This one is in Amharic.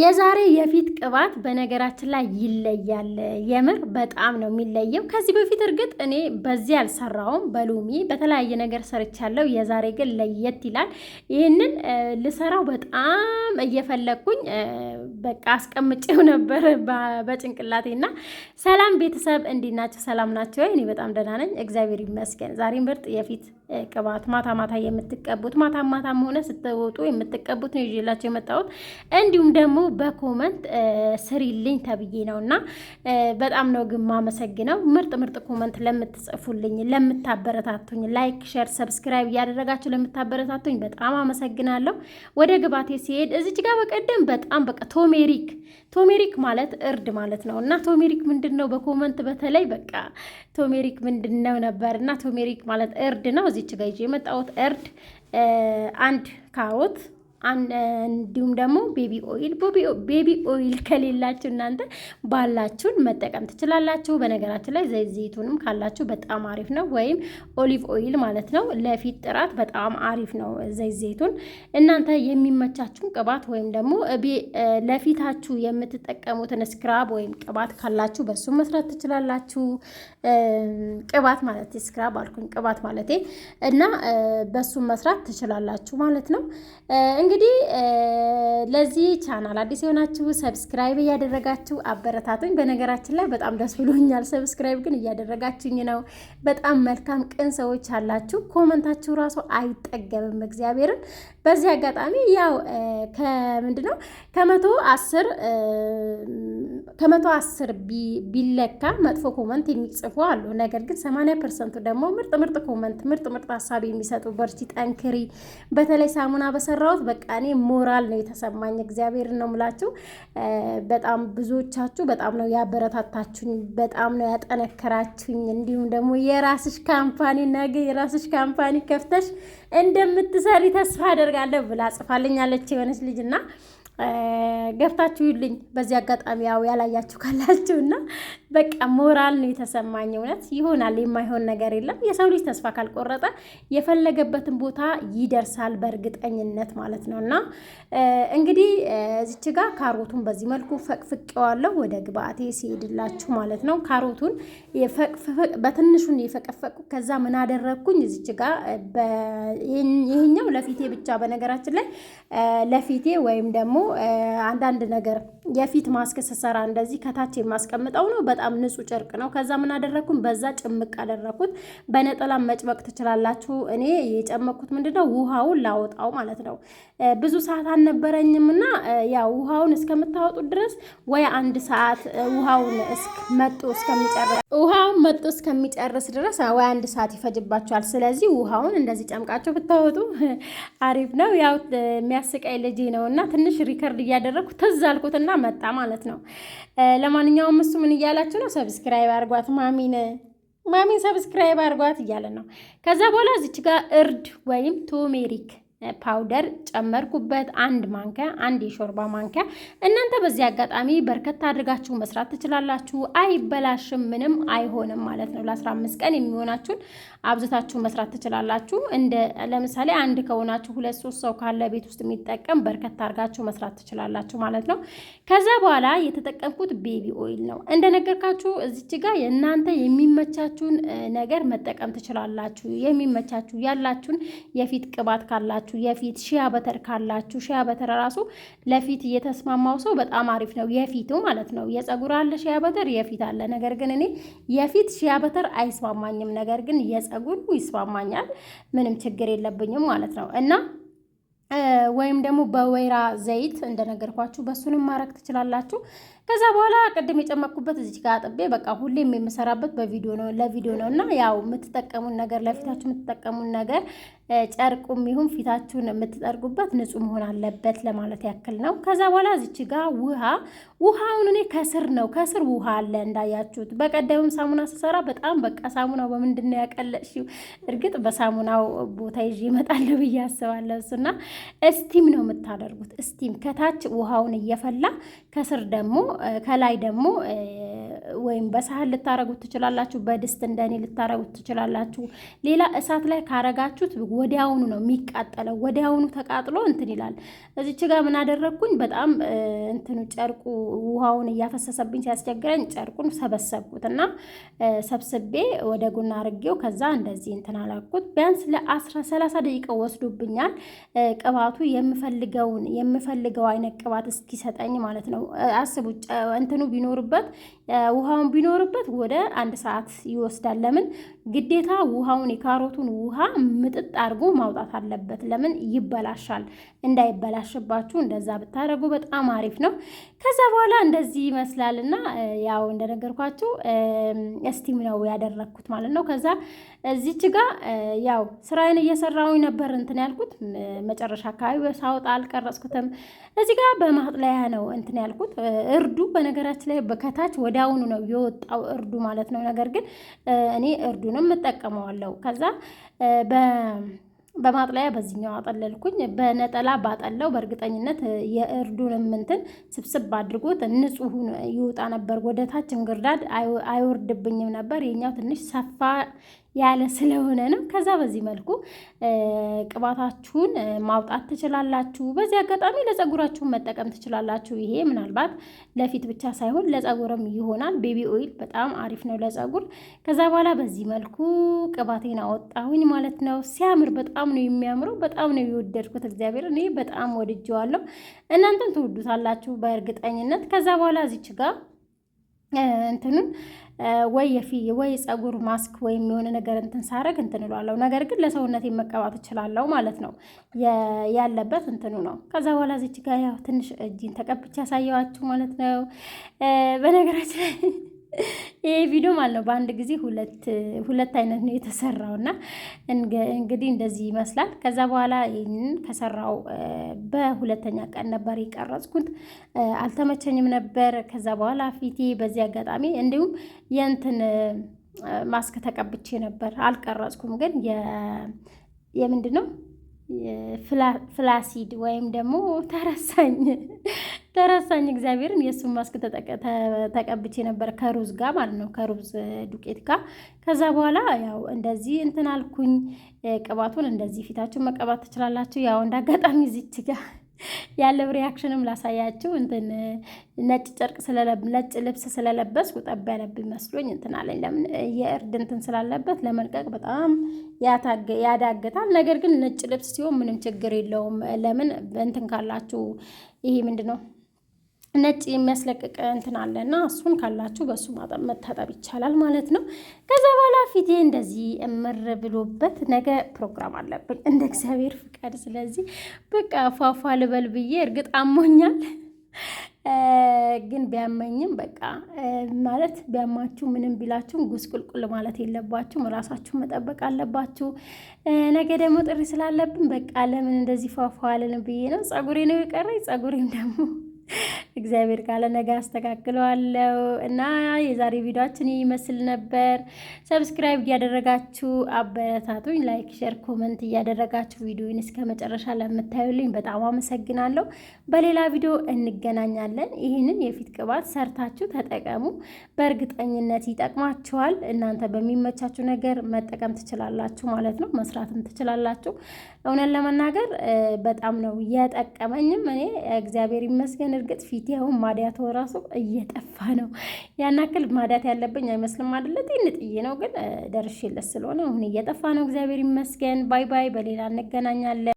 የዛሬ የፊት ቅባት በነገራችን ላይ ይለያል። የምር በጣም ነው የሚለየው። ከዚህ በፊት እርግጥ እኔ በዚህ አልሰራውም፣ በሎሚ በተለያየ ነገር ሰርቻለሁ። የዛሬ ግን ለየት ይላል። ይህንን ልሰራው በጣም እየፈለግኩኝ በቃ አስቀምጬው ነበር በጭንቅላቴ በጭንቅላቴና። ሰላም ቤተሰብ እንዴት ናቸው? ሰላም ናቸው? እኔ በጣም ደህና ነኝ፣ እግዚአብሔር ይመስገን። ዛሬ ምርጥ የፊት ቅባት ማታ ማታ የምትቀቡት ማታ ማታም ሆነ ስትወጡ የምትቀቡት ነው ይዤላቸው የመጣሁት እንዲሁም ደግሞ በኮመንት ስሪልኝ ተብዬ ነው እና በጣም ነው ግን ማመሰግነው። ምርጥ ምርጥ ኮመንት ለምትጽፉልኝ፣ ለምታበረታቱኝ፣ ላይክ፣ ሸር፣ ሰብስክራይብ እያደረጋችሁ ለምታበረታቱኝ በጣም አመሰግናለሁ። ወደ ግባቴ ሲሄድ እዚች ጋር በቀደም በጣም በቃ ቶሜሪክ ቶሜሪክ ማለት እርድ ማለት ነው እና ቶሜሪክ ምንድን ነው? በኮመንት በተለይ በቃ ቶሜሪክ ምንድን ነው ነበር እና ቶሜሪክ ማለት እርድ ነው። እዚች ጋር ይዤ የመጣሁት እርድ አንድ ካሮት እንዲሁም ደግሞ ቤቢ ኦይል ቤቢ ኦይል ከሌላችሁ እናንተ ባላችሁን መጠቀም ትችላላችሁ። በነገራችን ላይ ዘይት ዘይቱንም ካላችሁ በጣም አሪፍ ነው፣ ወይም ኦሊቭ ኦይል ማለት ነው። ለፊት ጥራት በጣም አሪፍ ነው ዘይት ዘይቱን። እናንተ የሚመቻችሁን ቅባት ወይም ደግሞ ለፊታችሁ የምትጠቀሙትን ስክራብ ወይም ቅባት ካላችሁ በሱ መስራት ትችላላችሁ። ቅባት ማለት ስክራብ አልኩኝ፣ ቅባት ማለት እና በሱ መስራት ትችላላችሁ ማለት ነው። እንግዲህ ለዚህ ቻናል አዲስ የሆናችሁ ሰብስክራይብ እያደረጋችሁ አበረታቱኝ። በነገራችን ላይ በጣም ደስ ብሎኛል። ሰብስክራይብ ግን እያደረጋችሁኝ ነው። በጣም መልካም ቅን ሰዎች አላችሁ። ኮመንታችሁ ራሱ አይጠገብም። እግዚአብሔርን በዚህ አጋጣሚ ያው ከምንድን ነው ከመቶ አስር ከመቶ አስር ቢለካ መጥፎ ኮመንት የሚጽፉ አሉ። ነገር ግን ሰማንያ ፐርሰንቱ ደግሞ ምርጥ ምርጥ ኮመንት ምርጥ ምርጥ ሀሳብ የሚሰጡ በርቺ፣ ጠንክሪ በተለይ ሳሙና በሰራሁት በቃ እኔ ሞራል ነው የተሰማኝ። እግዚአብሔር ነው የምላችሁ። በጣም ብዙዎቻችሁ በጣም ነው ያበረታታችሁኝ፣ በጣም ነው ያጠነከራችሁኝ። እንዲሁም ደግሞ የራስሽ ካምፓኒ ነገ የራስሽ ካምፓኒ ከፍተሽ እንደምትሰሪ ተስፋ አደርጋለሁ ብላ ጽፋልኛለች የሆነች ልጅና ገብታችሁ ይልኝ በዚህ አጋጣሚ ያው ያላያችሁ ካላችሁ እና በቃ ሞራል ነው የተሰማኝ። እውነት ይሆናል፣ የማይሆን ነገር የለም። የሰው ልጅ ተስፋ ካልቆረጠ የፈለገበትን ቦታ ይደርሳል በእርግጠኝነት ማለት ነው። እና እንግዲህ እዚች ጋ ካሮቱን በዚህ መልኩ ፈቅፍቄዋለሁ ወደ ግብአቴ ሲሄድላችሁ ማለት ነው። ካሮቱን በትንሹን የፈቀፈቁ ከዛ ምን አደረግኩኝ እዚች ጋ ይህኛው ለፊቴ ብቻ በነገራችን ላይ ለፊቴ ወይም ደግሞ አንዳንድ ነገር የፊት ማስክ ስሰራ እንደዚህ ከታች የማስቀምጠው ነው። በጣም ንጹህ ጨርቅ ነው። ከዛ ምን አደረግኩን? በዛ ጭምቅ አደረግኩት። በነጠላ መጭመቅ ትችላላችሁ። እኔ የጨመቅኩት ምንድነው ውሃውን ላወጣው ማለት ነው። ብዙ ሰዓት አልነበረኝም እና ያው ውሃውን እስከምታወጡት ድረስ ወይ አንድ ሰዓት ውሃውን መጡ እስከሚጨርስ ውሃውን መጡ እስከሚጨርስ ድረስ ወይ አንድ ሰዓት ይፈጅባቸዋል። ስለዚህ ውሃውን እንደዚህ ጨምቃቸው ብታወጡ አሪፍ ነው። ያው የሚያስቃይ ልጅ ነው እና ትንሽ ሪከርድ እያደረግኩ ትዝ አልኩትና መጣ ማለት ነው። ለማንኛውም እሱ ምን እያላችሁ ነው? ሰብስክራይብ አርጓት ማሚን ማሚን ሰብስክራይብ አርጓት እያለን ነው። ከዛ በኋላ እዚች ጋር እርድ ወይም ቱሜሪክ ፓውደር ጨመርኩበት። አንድ ማንኪያ አንድ የሾርባ ማንኪያ። እናንተ በዚህ አጋጣሚ በርከት አድርጋችሁ መስራት ትችላላችሁ። አይበላሽም፣ ምንም አይሆንም ማለት ነው። ለ15 ቀን የሚሆናችሁን አብዝታችሁ መስራት ትችላላችሁ። እንደ ለምሳሌ አንድ ከሆናችሁ ሁለት ሶስት ሰው ካለ ቤት ውስጥ የሚጠቀም በርከት አድርጋችሁ መስራት ትችላላችሁ ማለት ነው። ከዛ በኋላ የተጠቀምኩት ቤቢ ኦይል ነው። እንደነገርካችሁ እዚች ጋር የእናንተ የሚመቻችሁን ነገር መጠቀም ትችላላችሁ። የሚመቻችሁ ያላችሁን የፊት ቅባት ካላችሁ ካላችሁ የፊት ሺያ በተር ካላችሁ ሺያ በተር ራሱ ለፊት እየተስማማው ሰው በጣም አሪፍ ነው። የፊቱ ማለት ነው። የጸጉር አለ ሺያ በተር የፊት አለ። ነገር ግን እኔ የፊት ሺያ በተር አይስማማኝም። ነገር ግን የጸጉር ይስማማኛል። ምንም ችግር የለብኝም ማለት ነው እና ወይም ደግሞ በወይራ ዘይት እንደነገርኳችሁ በሱንም ማረግ ትችላላችሁ። ከዛ በኋላ ቅድም የጨመኩበት እዚህ ጋር አጥቤ በቃ ሁሌም የምሰራበት በቪዲዮ ነው ለቪዲዮ ነው እና ያው የምትጠቀሙን ነገር ለፊታችሁ የምትጠቀሙን ነገር ጨርቁም ይሁን ፊታችሁን የምትጠርጉበት ንጹህ መሆን አለበት ለማለት ያክል ነው። ከዛ በኋላ እዚች ጋር ውሃ ውሃውን እኔ ከስር ነው ከስር ውሃ አለ እንዳያችሁት። በቀደምም ሳሙና ስሰራ በጣም በቃ ሳሙናው በምንድን ነው ያቀለጥሽው? እርግጥ በሳሙናው ቦታ ይዤ እመጣለሁ ብዬ አስባለሁ። እሱና እስቲም ነው የምታደርጉት። እስቲም ከታች ውሃውን እየፈላ ከስር ደግሞ ከላይ ደግሞ ወይም በሳህን ልታረጉት ትችላላችሁ፣ በድስት እንደኔ ልታረጉት ትችላላችሁ። ሌላ እሳት ላይ ካረጋችሁት ወዲያውኑ ነው የሚቃጠለው። ወዲያውኑ ተቃጥሎ እንትን ይላል። እዚች ጋር ምን አደረግኩኝ? በጣም እንትኑ ጨርቁ ውሃውን እያፈሰሰብኝ ሲያስቸግረኝ ጨርቁን ሰበሰብኩት እና ሰብስቤ ወደ ጉና አርጌው ከዛ እንደዚህ እንትን አላኩት። ቢያንስ ለአስራ ሰላሳ ደቂቃ ወስዶብኛል ቅባቱ የምፈልገውን የምፈልገው አይነት ቅባት እስኪሰጠኝ ማለት ነው። አስቡ እንትኑ ቢኖርበት ውሃውን ቢኖርበት ወደ አንድ ሰዓት ይወስዳል። ለምን ግዴታ ውሃውን የካሮቱን ውሃ ምጥጥ አድርጎ ማውጣት አለበት። ለምን ይበላሻል። እንዳይበላሽባችሁ እንደዛ ብታደርጉ በጣም አሪፍ ነው። ከዛ በኋላ እንደዚህ ይመስላል እና ያው እንደነገርኳችሁ እስቲም ነው ያደረግኩት ማለት ነው። ከዛ እዚች ጋ ያው ስራዬን እየሰራሁኝ ነበር እንትን ያልኩት መጨረሻ አካባቢ ሳወጣ አልቀረጽኩትም። እዚህ ጋ በማጥለያ ነው እንትን ያልኩት እርዱ በነገራችን ላይ ከታች ወዳውኑ ነው የወጣው እርዱ ማለት ነው። ነገር ግን እኔ እርዱንም እጠቀመዋለሁ። ከዛ በማጥለያ በዚህኛው አጠለልኩኝ። በነጠላ ባጠለው በእርግጠኝነት የእርዱን ምንትን ስብስብ አድርጎት ንጹህ ይወጣ ነበር። ወደ ታች እንግርዳድ አይወርድብኝም ነበር። የኛው ትንሽ ሰፋ ያለ ስለሆነ ነው። ከዛ በዚህ መልኩ ቅባታችሁን ማውጣት ትችላላችሁ። በዚህ አጋጣሚ ለጸጉራችሁን መጠቀም ትችላላችሁ። ይሄ ምናልባት ለፊት ብቻ ሳይሆን ለፀጉርም ይሆናል። ቤቢ ኦይል በጣም አሪፍ ነው ለፀጉር። ከዛ በኋላ በዚህ መልኩ ቅባቴን አወጣሁኝ ማለት ነው። ሲያምር በጣም ነው የሚያምረው። በጣም ነው የወደድኩት። እግዚአብሔር እኔ በጣም ወድጀዋለሁ። እናንተም ትወዱታላችሁ በእርግጠኝነት። ከዛ በኋላ እዚች ጋር እንትኑን ወይ የፊ ወይ ጸጉር ማስክ ወይም የሆነ ነገር እንትን ሳረግ እንትን እላለሁ። ነገር ግን ለሰውነት መቀባት እችላለሁ ማለት ነው። ያለበት እንትኑ ነው። ከዛ በኋላ ዚች ጋር ያው ትንሽ እጅን ተቀብቼ ያሳየዋችሁ ማለት ነው በነገራችን ይሄ ቪዲዮ ማለት ነው በአንድ ጊዜ ሁለት ሁለት አይነት ነው የተሰራው እና እንግዲህ እንደዚህ ይመስላል። ከዛ በኋላ ይህንን ከሰራው በሁለተኛ ቀን ነበር የቀረጽኩት፣ አልተመቸኝም ነበር። ከዛ በኋላ ፊቴ በዚህ አጋጣሚ እንዲሁም የእንትን ማስክ ተቀብቼ ነበር አልቀረጽኩም፣ ግን የምንድን ነው ፍላሲድ ወይም ደግሞ ተረሳኝ ተረሳኝ እግዚአብሔርን። የእሱን ማስክ ተቀብቼ ነበር ከሩዝ ጋር ማለት ነው ከሩዝ ዱቄት ጋር። ከዛ በኋላ ያው እንደዚህ እንትን አልኩኝ። ቅባቱን እንደዚህ ፊታችሁን መቀባት ትችላላችሁ። ያው እንደ አጋጣሚ ጋር ያለው ሪያክሽንም ላሳያችሁ። እንትን ነጭ ጨርቅ ነጭ ልብስ ስለለበስኩ ጠብ ያለብኝ መስሎኝ እንትን አለኝ። ለምን የእርድ እንትን ስላለበት ለመልቀቅ በጣም ያዳግታል። ነገር ግን ነጭ ልብስ ሲሆን ምንም ችግር የለውም። ለምን እንትን ካላችሁ ይሄ ምንድን ነው ነጭ የሚያስለቅቅ እንትን አለ እና እሱን ካላችሁ በእሱ መታጠብ ይቻላል ማለት ነው። ከዛ በኋላ ፊቴ እንደዚህ እምር ብሎበት ነገ ፕሮግራም አለብን እንደ እግዚአብሔር ፍቃድ። ስለዚህ በቃ ፏፏ ልበል ብዬ እርግጥ አሞኛል፣ ግን ቢያመኝም በቃ ማለት ቢያማችሁ ምንም ቢላችሁም ጉስቁልቁል ማለት የለባችሁም፣ ራሳችሁ መጠበቅ አለባችሁ። ነገ ደግሞ ጥሪ ስላለብን በቃ ለምን እንደዚህ ፏፏ አለን ብዬ ነው። ጸጉሬ ነው የቀረኝ ጸጉሬም ደግሞ እግዚአብሔር ካለ ነገ አስተካክለዋለሁ። እና የዛሬ ቪዲዮችን ይመስል ነበር። ሰብስክራይብ እያደረጋችሁ አበረታቱኝ። ላይክ፣ ሼር፣ ኮመንት እያደረጋችሁ ቪዲዮን እስከ መጨረሻ ለምታዩልኝ በጣም አመሰግናለሁ። በሌላ ቪዲዮ እንገናኛለን። ይህንን የፊት ቅባት ሰርታችሁ ተጠቀሙ። በእርግጠኝነት ይጠቅማችኋል። እናንተ በሚመቻችሁ ነገር መጠቀም ትችላላችሁ ማለት ነው። መስራትም ትችላላችሁ። እውነት ለመናገር በጣም ነው የጠቀመኝም እኔ እግዚአብሔር ይመስገን። እርግጥ ፊት ፊቴ አሁን ማዳያት ራሱ እየጠፋ ነው። ያን አክል ማዳት ያለብኝ አይመስልም አይደለ? ጤንጥዬ ነው ግን ደርሼለት ስለሆነ አሁን እየጠፋ ነው። እግዚአብሔር ይመስገን። ባይ ባይ። በሌላ እንገናኛለን።